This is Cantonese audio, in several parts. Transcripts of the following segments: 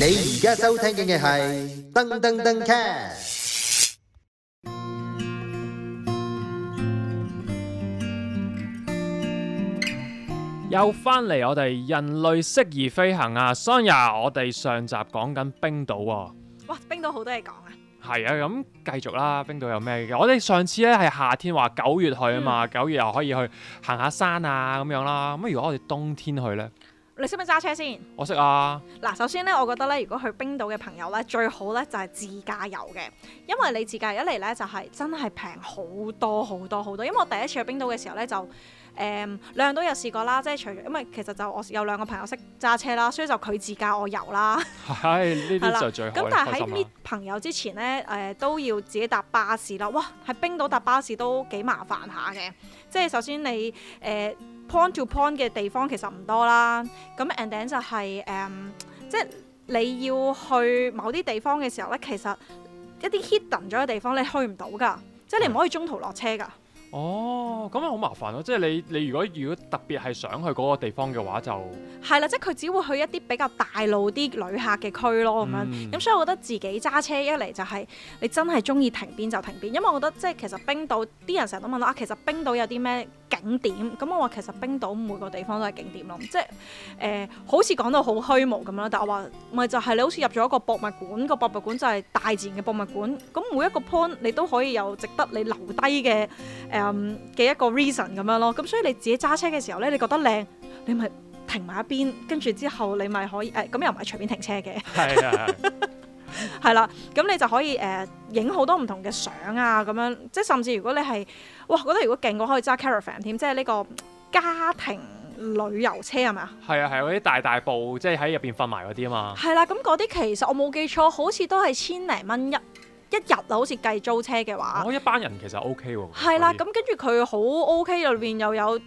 你而家收聽嘅係登登登 cast，又翻嚟我哋人類適宜飛行啊 Sunday 我哋上集講緊冰島喎，哇，冰島好多嘢講啊！係啊，咁繼續啦，冰島有咩嘅？我哋上次咧係夏天話九月去啊嘛，九、嗯、月又可以去行下山啊咁樣啦。咁如果我哋冬天去咧？你識唔識揸車先？我識啊！嗱，首先咧，我覺得咧，如果去冰島嘅朋友咧，最好咧就係自駕遊嘅，因為你自駕一嚟咧就係真係平好多好多好多。因為我第一次去冰島嘅時候咧就誒、嗯，兩樣都有試過啦，即係除咗，因為其實就我有兩個朋友識揸車啦，所以就佢自駕我遊啦。係， 呢啲就最好。咁但係喺搣朋友之前咧誒、啊呃，都要自己搭巴士啦。哇，喺冰島搭巴士都幾麻煩下嘅，即係首先你誒。呃 point to point 嘅地方其實唔多啦，咁 ending 就係、是、誒，即、um, 係你要去某啲地方嘅時候咧，其實一啲 hidden 咗嘅地方你去唔到噶，即、就、係、是、你唔可以中途落車噶。哦，咁啊好麻煩咯，即係你你如果如果特別係想去嗰個地方嘅話就係啦，即係佢只會去一啲比較大路啲旅客嘅區咯，咁樣咁所以我覺得自己揸車一嚟就係你真係中意停邊就停邊，因為我覺得即係其實冰島啲人成日都問我啊，其實冰島有啲咩？景點咁我話其實冰島每個地方都係景點咯，即係誒、呃、好似講到好虛無咁樣啦。但係我話咪就係、是、你好似入咗一個博物館，個博物館就係大自然嘅博物館。咁每一個 point 你都可以有值得你留低嘅誒嘅一個 reason 咁樣咯。咁所以你自己揸車嘅時候咧，你覺得靚，你咪停埋一邊，跟住之後你咪可以誒咁、呃、又唔係隨便停車嘅。係啊。 係啦，咁你就可以誒影好多唔同嘅相啊，咁樣即係甚至如果你係，哇！我覺得如果勁我可以揸 Caravan 添，即係呢個家庭旅遊車係咪啊？係啊，係嗰啲大大部，即係喺入邊瞓埋嗰啲啊嘛。係啦，咁嗰啲其實我冇記錯，好似都係千零蚊一一日，好似計租車嘅話。我、哦、一班人其實 O K 喎。係啦的，咁跟住佢好 O K，入邊又有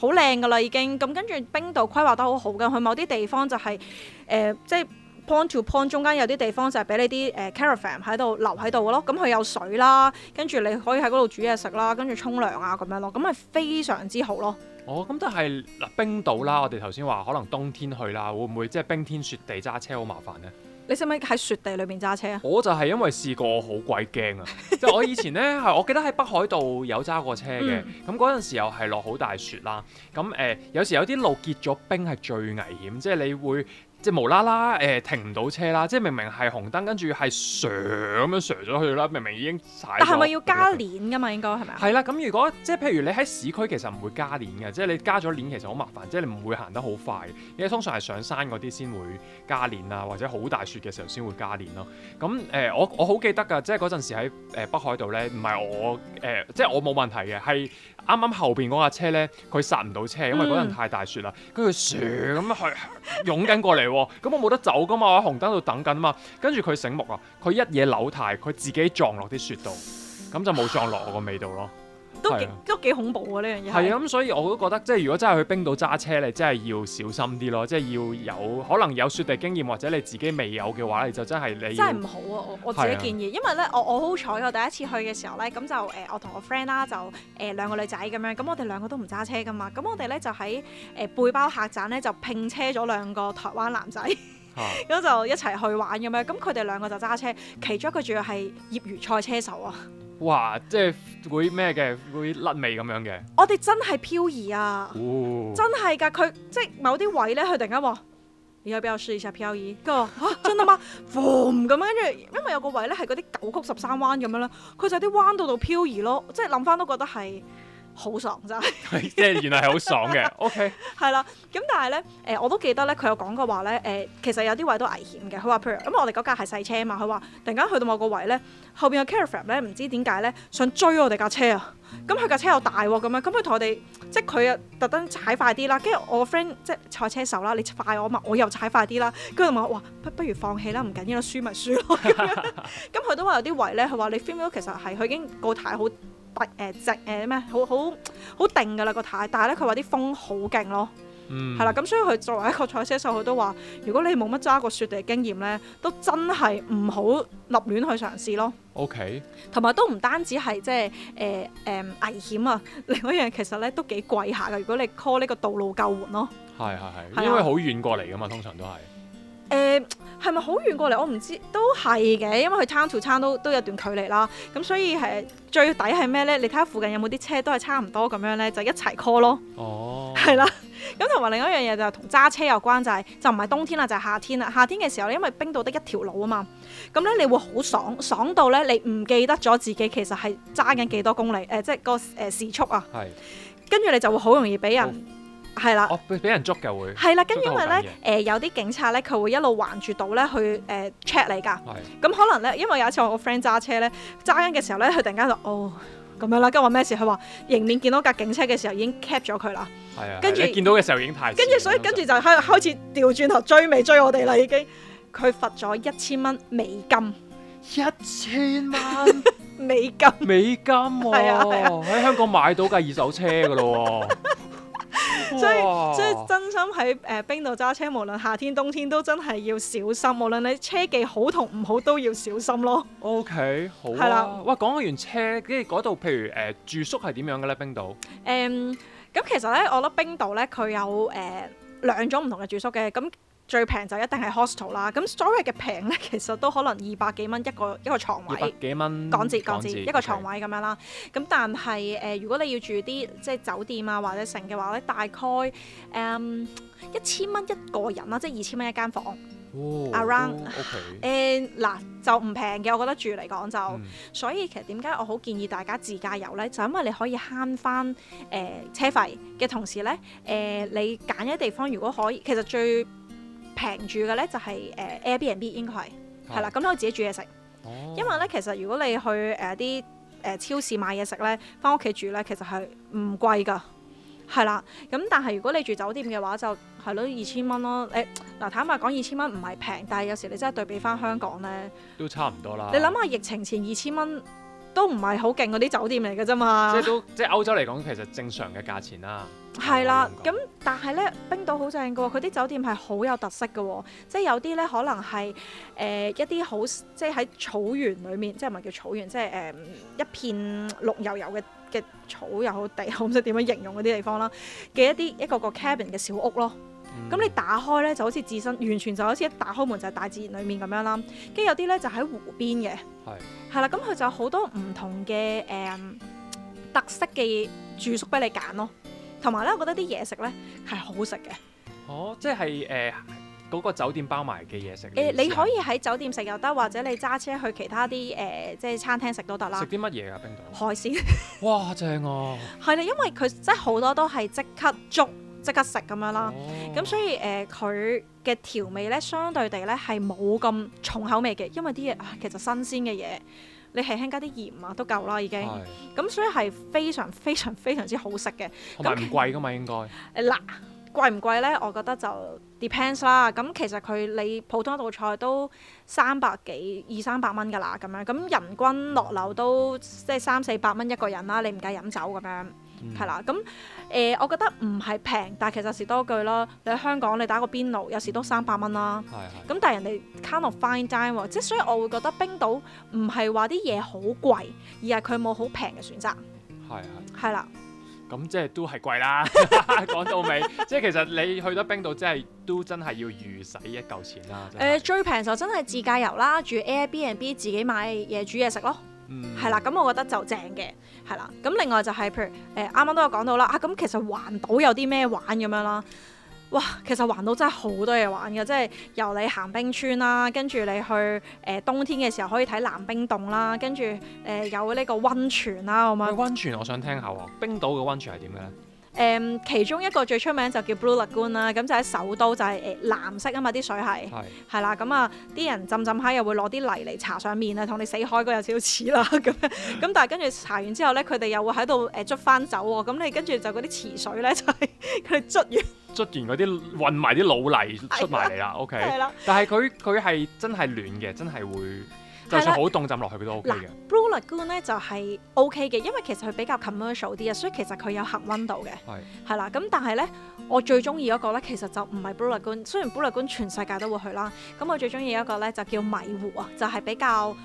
好靚噶啦已經，咁跟住冰島規劃得好好嘅，去某啲地方就係、是、誒、呃、即係。point to point 中間有啲地方就係俾你啲誒、呃、caravan 喺度留喺度嘅咯，咁佢有水啦，跟住你可以喺嗰度煮嘢食啦，跟住沖涼啊咁樣咯，咁咪非常之好咯。哦，咁但係嗱冰島啦，我哋頭先話可能冬天去啦，會唔會即係冰天雪地揸車好麻煩呢？你使唔使喺雪地裏面揸車啊？我就係因為試過，好鬼驚啊！ 即係我以前呢，係我記得喺北海道有揸過車嘅，咁嗰陣時又係落好大雪啦。咁誒、呃，有時有啲路結咗冰係最危險，即、就、係、是、你會。即係無啦啦誒停唔到車啦！即係明明係紅燈，跟住係上咁樣上咗去啦，明明已經，但係咪要加鏈㗎嘛？應該係咪啊？係啦，咁如果即係譬如你喺市區，其實唔會加鏈嘅。即係你加咗鏈，其實好麻煩。即係你唔會行得好快。因為通常係上山嗰啲先會加鏈啊，或者好大雪嘅時候先會加鏈咯。咁誒、呃，我我好記得㗎，即係嗰陣時喺誒、呃、北海道咧，唔係我誒、呃，即係我冇問題嘅係。啱啱後邊嗰架車咧，佢剎唔到車，因為嗰陣太大雪啦，跟住、嗯、雪咁樣去湧緊過嚟喎，咁我冇得走噶嘛，我喺紅燈度等緊嘛，跟住佢醒目啊，佢一嘢扭軚，佢自己撞落啲雪度，咁就冇撞落我個尾度咯。都幾是、啊、都幾恐怖嘅呢樣嘢係啊，咁、啊、所以我都覺得即係如果真係去冰島揸車，你真係要小心啲咯，即係要有可能有雪地經驗或者你自己未有嘅話，你就真係你真係唔好啊我！我自己建議，是啊、因為咧我我好彩，我第一次去嘅時候咧，咁就誒、呃、我同我 friend 啦，就誒、呃、兩個女仔咁樣，咁我哋兩個都唔揸車噶嘛，咁我哋咧就喺誒、呃、背包客棧咧就拼車咗兩個台灣男仔，咁、啊、 就一齊去玩咁樣，咁佢哋兩個就揸車，其中一個仲要係業餘賽車手啊！哇！即係會咩嘅，會甩尾咁樣嘅。我哋真係漂移啊！哦、真係㗎，佢即係某啲位咧，佢突然間話：你要畀我試一下漂移？跟住我嚇真啊嗎？咁跟住，因為有個位咧係嗰啲九曲十三彎咁樣啦，佢就喺啲彎度度漂移咯。即係諗翻都覺得係。好爽咋！即 係 原來係好爽嘅，OK 。係啦，咁但係咧，誒我都記得咧，佢有講過話咧，誒其實有啲位都危險嘅。佢話譬如咁，我哋嗰架係細車啊嘛。佢話突然間去到某個位咧，後邊嘅 caravan 咧唔知點解咧想追我哋架車啊。咁佢架車又大喎、啊、咁樣，咁佢同我哋即係佢啊特登踩快啲啦。跟住我個 friend 即係賽車手啦，你快我嘛，我又踩快啲啦。跟住同我話，不不如放棄緊緊輸輸啦，唔緊要，啦，輸咪輸咯。咁樣，咁佢都話有啲位咧，佢話你 feel 其實係佢已經個台好。不、呃、直誒咩、呃、好好好定㗎啦、個塔，但係咧，佢話啲風好勁咯，係、嗯、啦，咁所以佢作為一個賽車手，佢都話如果你冇乜揸過雪地經驗咧，都真係唔好立亂去嘗試咯。OK，同埋都唔單止係即係誒誒危險啊，另外一樣其實咧都幾貴下㗎，如果你 call 呢個道路救援咯，係係係，嗎因為好遠過嚟㗎嘛，通常都係誒。呃係咪好遠過嚟？我唔知，都係嘅，因為去 town to town 都都有一段距離啦。咁所以係最底係咩咧？你睇下附近有冇啲車都係差唔多咁樣咧，就一齊 call 咯。哦。係啦，咁同埋另一樣嘢就係同揸車有關，就係、是、就唔係冬天啦，就係、是、夏天啦。夏天嘅時候，因為冰島得一條路啊嘛，咁咧你會好爽，爽到咧你唔記得咗自己其實係揸緊幾多公里誒，即、呃、係、就是、個誒時速啊。係是。跟住你就會好容易俾人。係啦，俾俾人捉嘅會係啦，跟住因為咧，誒有啲警察咧，佢會一路環住到咧去誒 check 你噶，咁可能咧，因為有一次我個 friend 揸車咧揸緊嘅時候咧，佢突然間就哦，咁樣啦，跟我咩事？佢話迎面見到架警車嘅時候已經 cap 咗佢啦。係啊，跟住見到嘅時候已經太，跟住所以跟住就開開始調轉頭追尾追我哋啦，已經佢罰咗一千蚊美金，一千蚊美金，美金啊。喺香港買到架二手車噶咯。哇所以所以真心喺誒冰島揸車，無論夏天冬天都真係要小心。無論你車技好同唔好，都要小心咯。O、okay, K，好、啊。係啦的，哇！講完車，跟住嗰度，譬如誒、呃、住宿係點樣嘅咧？冰島誒咁，嗯、其實咧，我覺得冰島咧，佢有誒、呃、兩種唔同嘅住宿嘅咁。最平就一定係 hostel 啦。咁所謂嘅平呢，其實都可能二百幾蚊一個一個牀位，港紙港紙一個床位咁樣啦。咁、嗯、但係誒、呃，如果你要住啲即係酒店啊或者城嘅話咧，大概一千蚊一個人啦，即係二千蚊一間房。around，誒嗱就唔平嘅，我覺得住嚟講就。嗯、所以其實點解我好建議大家自駕遊呢？就因為你可以慳翻誒車費嘅同時呢，誒你揀一地方如果可以，其實最最平住嘅咧就係誒 Airbnb 應該係係啦，咁你、啊、可以自己煮嘢食，哦、因為咧其實如果你去誒啲誒超市買嘢食咧，翻屋企住咧其實係唔貴噶，係啦，咁但係如果你住酒店嘅話就係咯二千蚊咯，誒、欸、嗱坦白講二千蚊唔係平，但係有時你真係對比翻香港咧都差唔多啦，你諗下疫情前二千蚊都唔係好勁嗰啲酒店嚟嘅啫嘛，即係都即係歐洲嚟講其實正常嘅價錢啦、啊。係啦，咁但係咧，冰島好正嘅喎，佢啲酒店係好有特色嘅喎、哦，即係有啲咧可能係誒、呃、一啲好即係喺草原裏面，即係唔係叫草原，即係誒、呃、一片綠油油嘅嘅草又好地，我唔識點樣形容嗰啲地方啦，嘅一啲一個個 cabin 嘅小屋咯，咁、嗯、你打開咧就好似置身完全就好似一打開門就係、是、大自然裏面咁樣啦，跟住有啲咧就喺湖邊嘅，係係啦，咁佢就好多唔同嘅誒、嗯、特色嘅住宿俾、嗯、你揀咯。同埋咧，我覺得啲嘢食咧係好食嘅。哦，即係誒嗰個酒店包埋嘅嘢食。誒、呃，你可以喺酒店食又得，或者你揸車去其他啲誒、呃、即係餐廳食都得啦。食啲乜嘢啊？冰島海鮮。哇，正啊！係啦， 因為佢即係好多都係即刻捉、即刻食咁樣啦。咁、哦、所以誒，佢、呃、嘅調味咧，相對地咧係冇咁重口味嘅，因為啲嘢其實新鮮嘅嘢。你輕輕加啲鹽啊，都夠啦已經。咁、哎、所以係非常非常非常之好食嘅，同埋唔貴噶嘛應該。嗱，貴唔貴咧？我覺得就 depends 啦。咁其實佢你普通一道菜都三百幾二三百蚊噶啦，咁樣咁人均落樓都即係三四百蚊一個人啦。你唔計飲酒咁樣。係啦，咁誒、嗯呃，我覺得唔係平，但係其實是多句咯。你喺香港你打個邊爐，有時都三百蚊啦。係咁是是 但係人哋 Kind of Fine Dining 即係所以我會覺得冰島唔係話啲嘢好貴，而係佢冇好平嘅選擇。係係。係啦。咁即係都係貴啦。講 到尾底， 即係其實你去到冰島，即係都真係要預使一嚿錢啦。誒、呃，最平就真係自駕遊啦，住 Airbnb，自己買嘢煮嘢食咯。係啦，咁、嗯、我覺得就正嘅，係啦。咁另外就係、是、譬如誒，啱啱都有講到啦，啊，咁其實環島有啲咩玩咁樣啦？哇，其實環島真係好多嘢玩嘅，即係由你行冰川啦、啊，跟住你去誒、呃、冬天嘅時候可以睇藍冰洞啦、啊，跟住誒有呢個溫泉啦咁樣。溫泉，我想聽下喎，冰島嘅溫泉係點嘅咧？誒、嗯，其中一個最出名就叫 Blue Lagoon 啦，咁就喺、是、首都、就是，就係誒藍色啊嘛，啲水係係啦，咁啊啲人浸浸下又會攞啲泥嚟搽上面啊，同你死海嗰有少少似啦咁樣，咁、嗯、但係跟住搽完之後咧，佢哋又會喺度誒捽翻走喎，咁、嗯、你跟住就嗰啲池水咧就係佢哋捽完捽完嗰啲混埋啲老泥出埋嚟啦，OK，係啦，的但係佢佢係真係亂嘅，真係會。就算好凍浸落去佢都 O K 嘅。Blue Lagoon 咧就係 O K 嘅，因為其實佢比較 commercial 啲啊，所以其實佢有恆溫度嘅。係是，係啦。咁但係咧，我最中意嗰個咧其實就唔係 Blue Lagoon，雖然 Blue Lagoon 全世界都會去啦，咁我最中意一個咧就叫米湖啊，就係、是、比較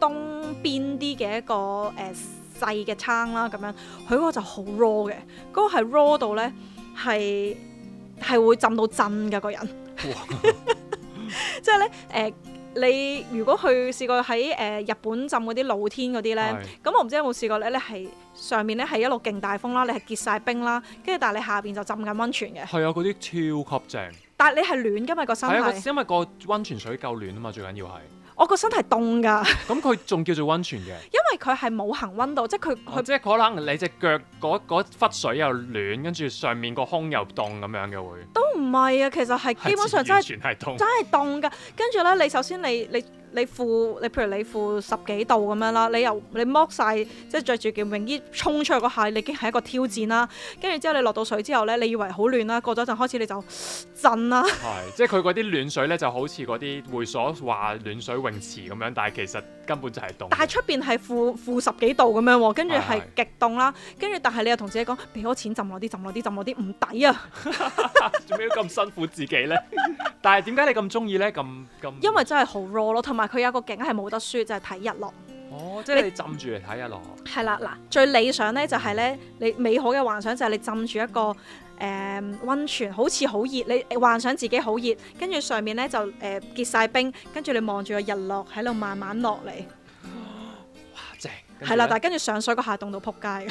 東邊啲嘅一個誒、呃、細嘅餐啦咁樣。佢嗰、那個就好 raw 嘅，嗰個係 raw 到咧係係會浸到震嘅個人。哇！即係咧誒。 你如果去試過喺誒、呃、日本浸嗰啲露天嗰啲咧，咁是、嗯、我唔知有冇試過咧，你係上面咧係一路勁大風啦，你係結晒冰啦，跟住但係你下邊就浸緊温泉嘅。係啊，嗰啲超級正。但係你係暖噶嘛個身體。係啊，因為、啊、因為個溫泉水夠暖啊嘛，最緊要係。我個身體凍㗎，咁佢仲叫做温泉嘅？因為佢係冇恆溫度，即係佢佢即係可能你隻腳嗰忽水又暖，跟住上面個胸又凍咁樣嘅會，都唔係啊，其實係基本上真係全係凍 真係凍㗎，跟住咧你首先你你。你負你譬如你負十幾度咁樣啦，你又你剝晒，即係著住件泳衣衣衝出去個下，你已經係一個挑戰啦。跟住之後你落到水之後咧，你以為好暖啦，過咗陣開始你就震啦。係，即係佢嗰啲暖水咧，就好似嗰啲會所話暖水泳池咁樣，但係其實根本就係凍。但係出邊係負負十幾度咁樣喎，跟住係極凍啦。跟住是但係你又同自己講俾多錢浸落啲，浸落啲，浸落啲，唔抵啊！做咩 要咁辛苦自己咧？ 但係點解你咁中意咧？咁咁因為真係好 raw 咯， 同埋佢有個景係冇得輸，就係、是、睇日落。哦，即係你浸住嚟睇日落。係啦，嗱，最理想呢就係、是、呢，你美好嘅幻想就係你浸住一個誒溫、呃、泉，好似好熱，你幻想自己好熱，跟住上面呢就誒、呃、結晒冰，跟住你望住個日落喺度慢慢落嚟。係啦，但係跟住上水個下凍到扑街。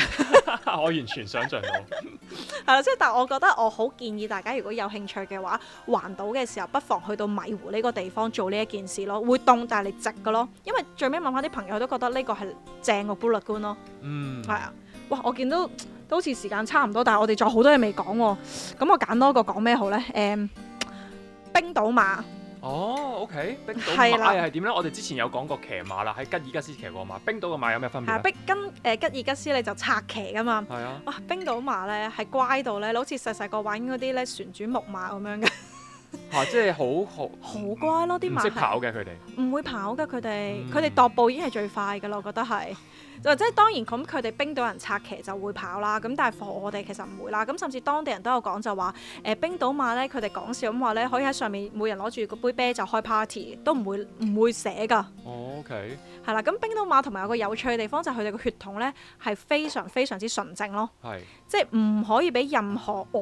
我完全想象到。係 啦，即係但係我覺得我好建議大家如果有興趣嘅話，環島嘅時候不妨去到米湖呢個地方做呢一件事咯。會凍，但係你值嘅咯。因為最尾問翻啲朋友，都覺得呢個係正過 Blue Lagoon 咯。嗯，係啊。哇，我見到都好似時間差唔多，但係我哋仲有多、哦、多好多嘢未講。咁我揀多個講咩好咧？誒，冰島馬。哦，OK，冰島馬又係點咧？是的 我哋之前有講過騎馬啦，喺吉爾吉斯騎過馬，冰島嘅馬有咩分別啊？冰跟誒吉爾吉斯你就策騎㗎嘛，是的 哇！冰島馬咧係乖到咧，好似細細個玩嗰啲咧旋轉木馬咁樣嘅。 啊、即係好好好乖咯，啲馬唔識跑嘅佢哋，唔會跑嘅佢哋，佢哋踱步已經係最快嘅啦，我覺得係。就即係當然咁，佢哋冰島人策騎就會跑啦。咁但係我哋其實唔會啦。咁、嗯、甚至當地人都有講就話，誒、呃、冰島馬咧，佢哋講笑咁話咧，可以喺上面每人攞住個杯啤就開 party，都唔會唔會瀉㗎。哦、o、okay、係啦，咁冰島馬同埋有個有趣嘅地方就係佢哋個血統咧係非常非常之純正咯。係。即係唔可以俾任何外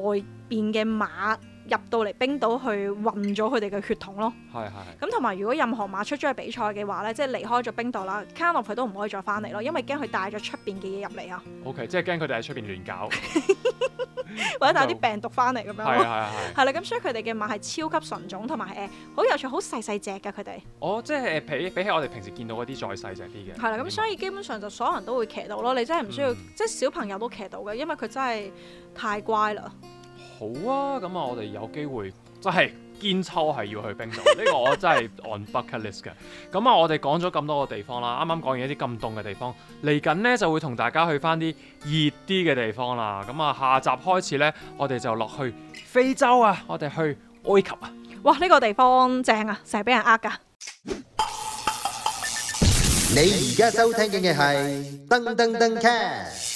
邊嘅馬。入到嚟冰島去混咗佢哋嘅血統咯，係係。咁同埋如果任何馬出咗去比賽嘅話咧，即係離開咗冰島啦，卡諾佢都唔可以再翻嚟咯，因為驚佢帶咗出邊嘅嘢入嚟啊。O、okay, K，即係驚佢哋喺出邊亂搞， 或者帶啲病毒翻嚟咁樣咯。係係啦，咁所以佢哋嘅馬係超級純種，同埋誒好有趣，好細細隻㗎佢哋。哦，即係比比起我哋平時見到嗰啲再細隻啲嘅。係啦，咁所以基本上就所有人都會騎到咯。你真係唔需要，嗯、即係小朋友都騎到嘅，因為佢真係太乖啦。好啊，咁啊，我哋有機會真係堅抽係要去冰島，呢 個我真係 on bucket list 嘅。咁啊，我哋講咗咁多個地方啦，啱啱講完一啲咁凍嘅地方，嚟緊呢，就會同大家去翻啲熱啲嘅地方啦。咁啊，下集開始呢，我哋就落去非洲啊，我哋去埃及啊。哇！呢、呢個地方正啊，成日俾人呃㗎。你而家收聽緊嘅係登登登 c